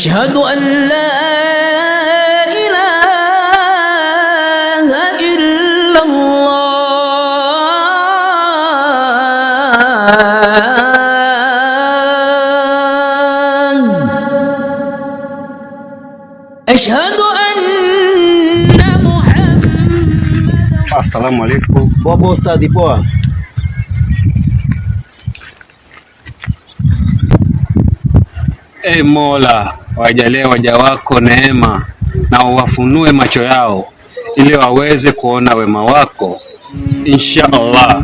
أشهد أن لا إله إلا الله أشهد أن محمد السلام عليكم بابا أستاذي بوا Hey, إيه Mola. wajalie waja wako neema na uwafunue macho yao ili waweze kuona wema wako insha Allah.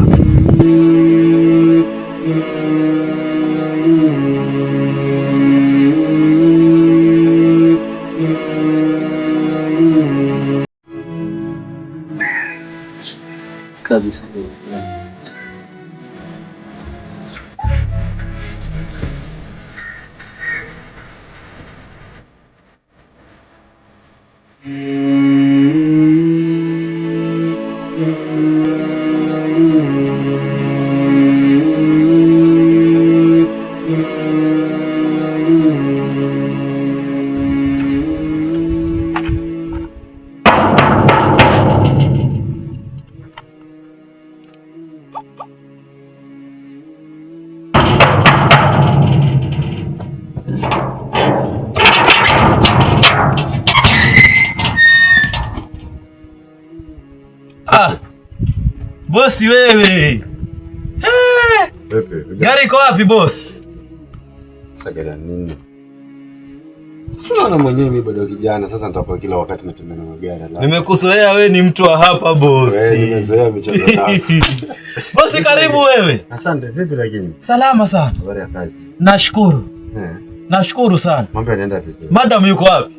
kabisa bosi eh, wewe. Gari iko wapi bosi? Sagara nini? Unaona mwenyewe mimi bado kijana, sasa nitakuwa kila wakati natembea na magari. Nimekuzoea wewe ni mtu wa hapa bosi. Wewe nimezoea michezo yako. Bosi karibu wewe. Asante, vipi lakini? Salama sana. Habari ya kazi? Nashukuru. Eh. Nashukuru sana. Mambo yanaenda vizuri. Madam yuko wapi?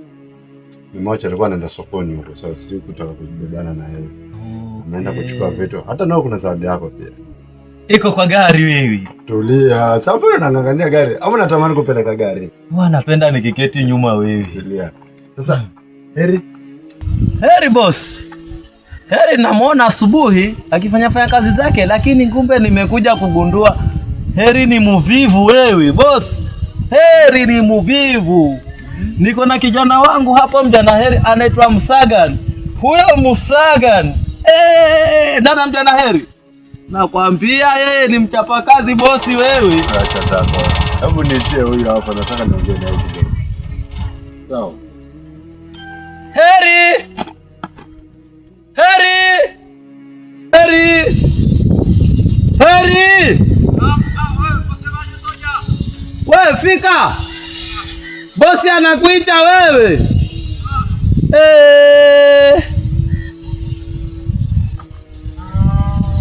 Mimi mwacha alikuwa anaenda sokoni huko, sasa sikutaka kujibebana na yeye. Oh umeenda hey, kuchukua eh. vitu. Hata nao kuna zawadi yako pia iko kwa gari. Wewe tulia, sababu unaangalia gari au unatamani kupeleka gari? Napenda nikiketi nyuma. Wewe tulia sasa. Heri heri boss. Heri namwona asubuhi akifanya fanya kazi zake, lakini kumbe nimekuja kugundua Heri ni muvivu. Wewe boss, Heri ni muvivu. Niko na kijana wangu hapo mjana Heri anaitwa Msagan. Huyo Msagan dada eh, mja na heri, nakwambia yeye ni mchapakazi bosi. Wewe acha zako, hebu nitie huyo hapa, nataka niongee naye kidogo. Sawa. Heri, heri, heri, heri, wewe fika, bosi anakuita wewe. Eh.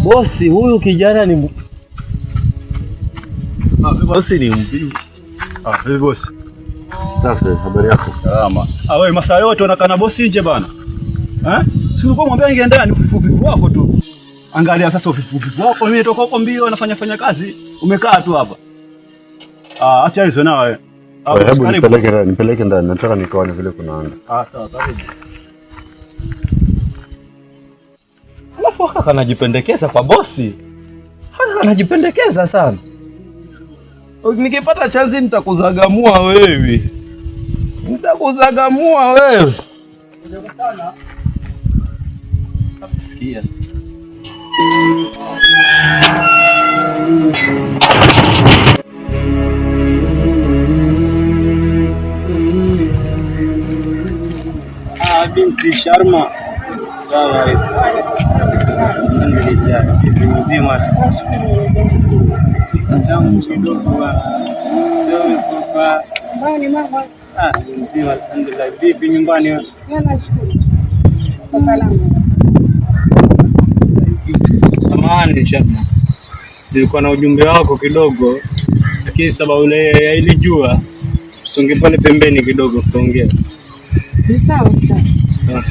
bosi, huyu kijana ni ah, bosi, ni mbiu. Ah, vipi bosi? Safi, habari yako? Salama. Ah, wewe masaa yote unakaa na bosi nje bana. Eh? Si ulikuwa mwambia ingia ndani ufifu wako tu. Angalia sasa ufifu wako, mimi nitoka huko mbio anafanya fanya kazi, umekaa tu hapa. Ah, acha hizo nawe. Ah, hebu nipeleke ndani, nipeleke ndani, nataka nikaone vile kunaanda. Ah, sawa, karibu. Alafu kaka kanajipendekeza kwa bosi, kaka kanajipendekeza sana. Nikipata chanzi nitakuzagamua wewe, nitakuzagamua wewe. Sikia ah, binti Sharma alhamdulillah, mzima tangu mzima, alhamdulillah. Vipi nyumbani? Samahani nilikuwa na ujumbe wako kidogo, lakini sababu ile ile jua, pale pembeni kidogo, tuongee. Sawa sawa.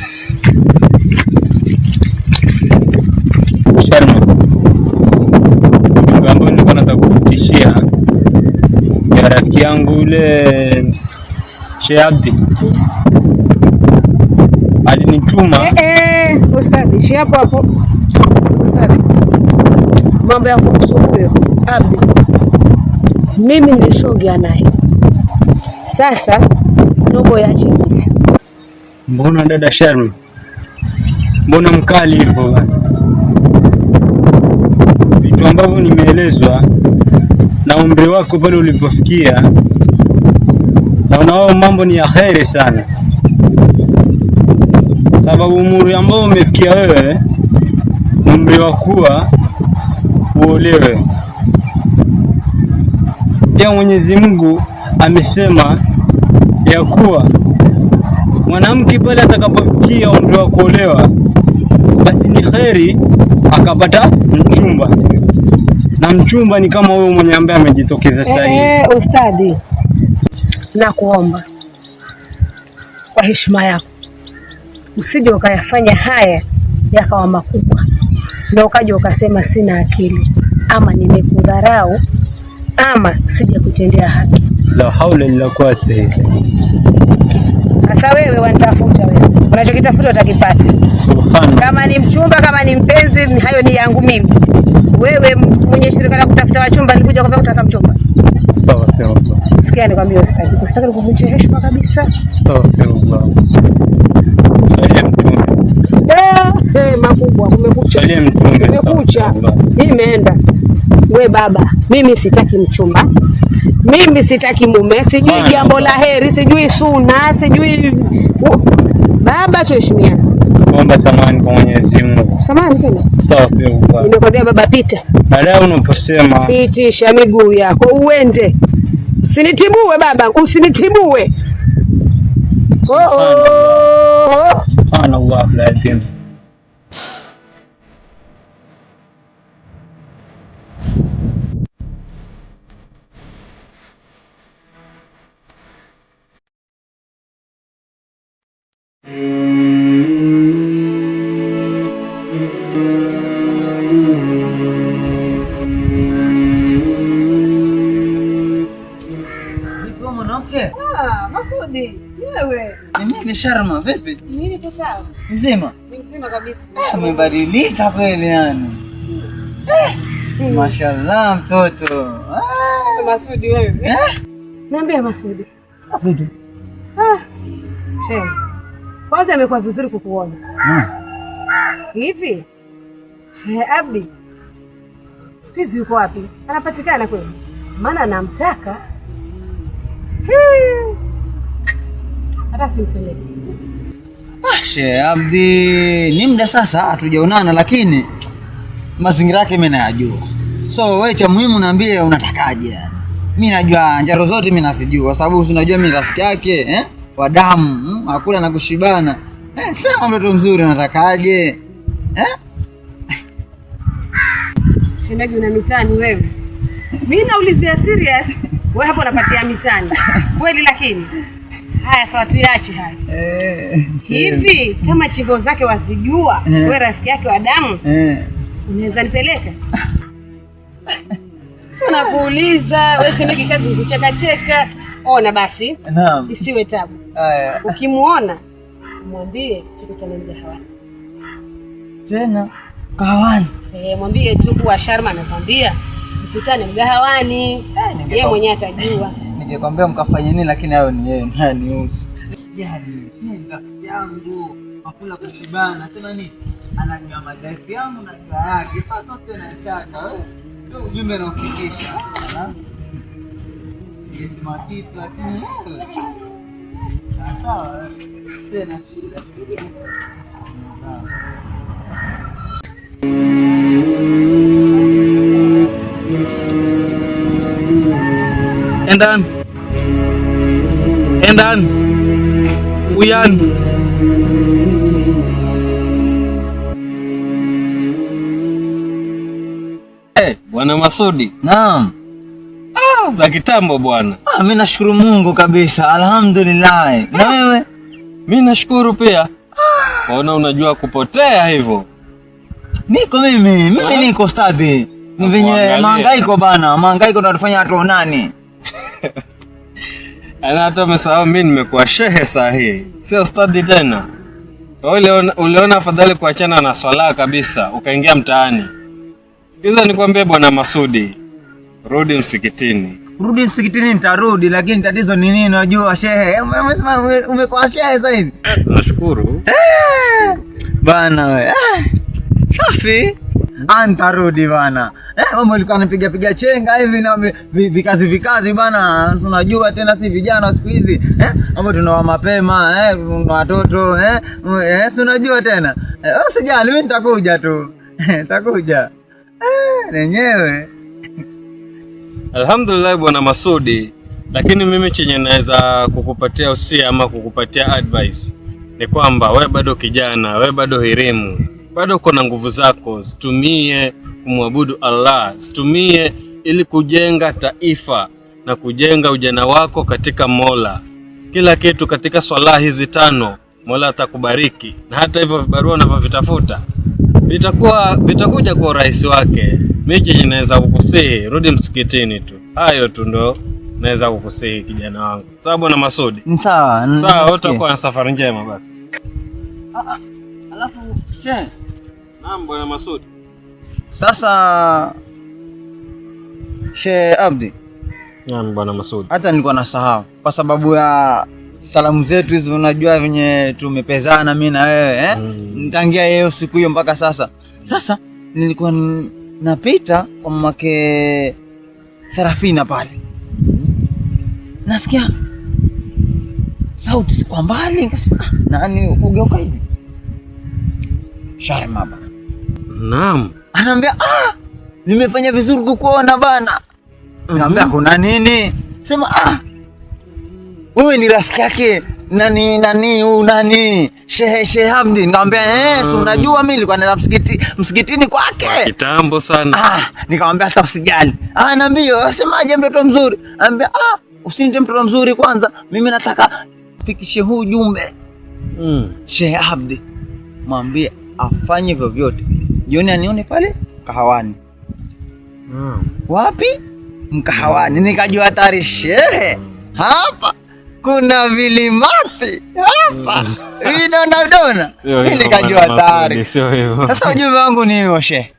rafiki yangu yule Sheabi alinituma eh, eh, ustadi. Shi hapo hapo ustadi, mambo ya kuhusu huyo Abdi mimi nilishaongea naye. Sasa nobo yache hivi. Mbona dada Sharma, mbona mkali hivyo? Vitu ambavyo nimeelezwa na umri wako pale ulipofikia, na unaona mambo ni ya heri sana, sababu umri ambao umefikia wewe ni umri wa kuwa uolewe. Pia Mwenyezi Mungu amesema ya kuwa mwanamke pale atakapofikia umri wa kuolewa, basi ni kheri akapata mchumba na mchumba ni kama huyo mwenye ambaye amejitokeza sasa hivi. Eh, eh, ustadi, nakuomba kwa heshima yako usije ukayafanya haya yakawa makubwa na ukaja ukasema sina akili ama nimekudharau ama sijakutendea haki. La haula illa quwwata illa billah. Sasa wewe wanitafuta wewe, unachokitafuta utakipata. Subhanallah. Kama ni mchumba, kama ni mpenzi, hayo ni yangu mimi. Wewe mwenye shirika la kutafuta wachumba nilikuja kwa kutaka mchumba. Sawa Sikia nikwambia usitaki. Usitaki kuvunja heshima kabisa. Sawa Salia mtume. Eh, makubwa kumekucha. Salia mtume. Kumekucha. Nimeenda. We baba, mimi sitaki mchumba. Mimi sitaki mume, sijui jambo la heri, sijui suna, sijui baba, tuheshimiane kuomba samani kwa Mwenyezi Mungu. Samani tena? Sawa pia baba. Nimekwambia baba pita. Baadaye unaposema pitisha miguu yako uende. Usinitibue baba, usinitibue. Oh oh. Subhanallah, lazima Sharma, vipi? Mimi niko sawa. Mzima? Mzima kabisa. Eh, umebadilika kweli yani. Eh, hmm. Mashallah mtoto. Ah. Masudi wewe. Eh? Niambie Masudi. Ah, vipi? Ah. Shehe. Kwanza imekuwa vizuri kukuona. Hmm. Hivi? Shehe Abdi. Siku hizi yuko wapi? Anapatikana kweli? Maana namtaka. Hii hata sikuiselewa. Ah, Sheikh Abdi ni muda sasa hatujaonana, lakini mazingira yake mimi nayajua. So wewe cha muhimu niambie unatakaje? Mimi najua njaro zote mimi nasijua sababu unajua mimi rafiki yake eh? wa damu hmm, akula na kushibana. Eh, sema mtoto mzuri unatakaje? Eh? Shindaji una mitani wewe. Mimi naulizia serious. Wewe hapo unapatia mitani. Kweli lakini Haya sawa, tuache haya eh, hivi eh, kama chingo zake wazijua eh, wewe rafiki yake wa damu eh, unaweza nipeleka? Sasa nakuuliza wewe, shemeki kazi kucheka cheka. Ona basi, naam, isiwe tabu. Haya, ukimuona mwambie tukutane mgahawani tena. Mgahawani eh, mwambie tu kuwa Sharma anakwambia tukutane mgahawani, eh, yeye mwenyewe atajua kwambia mkafanye nini, lakini hayo ni yeye usi sijali sijaipenda yangu hakuna kushibana tena. Ni anajua madhaifu yangu na jua yake, saa tote na chata ndio ujumbe naufikisha kitu, lakini ah, sawa, sina shida. Endani. Endan! Uyan! Hey, eh, Bwana Masudi. Naam. Ah, za kitambo bwana. Ah, mimi nashukuru Mungu kabisa. Alhamdulillah. Ah. Na wewe? Mimi nashukuru pia. Waona unajua kupotea hivyo. Niko mimi, mimi ah, niko stadi. Mimi venye mahangaiko bana, mahangaiko ndio tunafanya watu onane. Ana yaani hata umesahau mimi nimekuwa shehe saa hii, sio ustadi tena. Wewe uliona afadhali kuachana na swala kabisa, ukaingia mtaani. Sikiza nikwambie, bwana Masudi, rudi msikitini. Rudi msikitini, nitarudi, lakini tatizo ni nini? Unajua shehe, umesema umekuwa shehe saa Nashukuru eh, bana wewe. Eh, safi antarudi bana. Eh, mama alikuwa anapiga piga chenga hivi na vikazi vikazi bana. Tunajua tena si vijana siku hizi. Eh, mama tunaoa mapema, eh, tuna watoto, eh. Eh, si unajua tena. Eh, usijali mimi nitakuja tu. Nitakuja. Eh, lenyewe. Alhamdulillah bwana Masudi, lakini mimi chenye naweza kukupatia usia ama kukupatia advice ni kwamba wewe bado kijana, we bado hirimu bado uko na nguvu zako, zitumie kumwabudu Allah, zitumie ili kujenga taifa na kujenga ujana wako katika Mola. Kila kitu katika swala hizi tano Mola atakubariki, na hata hivyo vibarua unavyovitafuta vitakuwa vitakuja kwa urahisi wake. Mimi chenye kukusihi, rudi msikitini tu. Hayo tu ndo naweza kukusihi kijana wangu, sawa bwana Masudi? Ni sawa sawa, utakuwa na safari njema basi. Ah, ah, alafu Naam ah, bwana Masud. Sasa Shehe Abdi. Naam bwana Masud. Hata nilikuwa nasahau kwa sababu ya salamu zetu hizo, unajua venye tumepezana mimi na wewe eh? Mm. Nitangia yeo siku hiyo mpaka sasa. Sasa nilikuwa napita kwa mamake Serafina pale, nasikia sauti kwa mbali, nikasema ah, nani, ugeuka hivi Sharma baba Naam. Anaambia ah, nimefanya vizuri kukuona bana. -hmm. kuna nini? Sema ah, wewe ni rafiki yake nani nani huu nani Shehe Shehe Hamdi. Nikamwambia eh, si mhm. unajua mimi nilikuwa nenda msikiti msikitini kwake kitambo sana. Ah, nikamwambia hata usijali. Ah, naambia wasemaje, mtoto mzuri. Anambia ah, usinite mtoto mzuri kwanza, mimi nataka fikishe huu jumbe mm. Shehe Hamdi mwambie afanye vyovyote, jioni anione pale mkahawani. Mm. Wapi? Mkahawani. Nikajua shehe hapa kuna vilimati hapa hmm. vidonadona, nikajua tayari. Sasa ujumbe wangu ni hiyo shehe.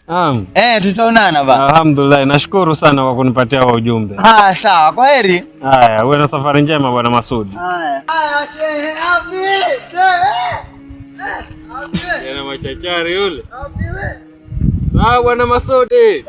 Eh, tutaonana ba. Alhamdulillah, nashukuru sana kwa kunipatia huo ujumbe. Ah, sawa, kwa heri. Haya, uwe na safari njema bwana Masudi. Haya. Haya, shehe, abi. Shehe. Jana machachari yule. Sawa bwana Masudi.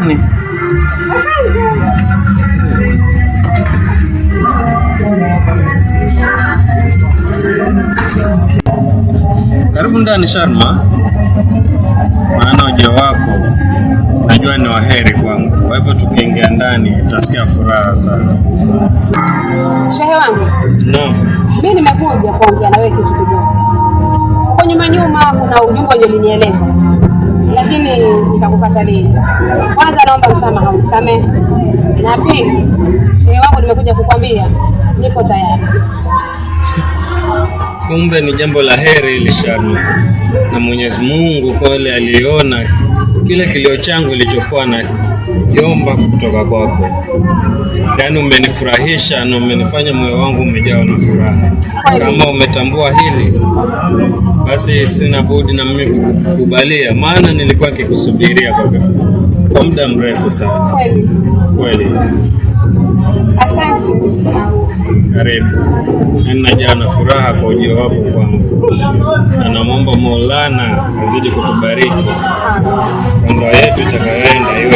gani? Karibu ndani Sharma, maana ujio wako najua ni waheri kwangu, kwa hivyo tukiingia ndani utasikia furaha sana. Shehe wangu, no, mimi nimekuja kuongea na wewe kitu kidogo. Huko nyuma nyuma kuna ujumbe ulinieleza lakini lini? Kwanza naomba msamaha, unisamehe, na pili, shehe wangu, nimekuja kukwambia niko tayari. Kumbe ni jambo la heri ili shana na Mwenyezi Mungu kwa yale aliona kile kilio changu ilichokuwa na Jomba, kutoka kwako, yaani umenifurahisha na umenifanya moyo wangu umejawa na furaha. Kama umetambua hili, basi sina budi na mimi kukubalia, maana nilikuwa nikikusubiria kwa muda mrefu sana. Kweli, asante. Karibu. Ninajawa na furaha kwa ujio wako kwangu, na namwomba Maulana azidi kutubariki, ndoa yetu itakayoenda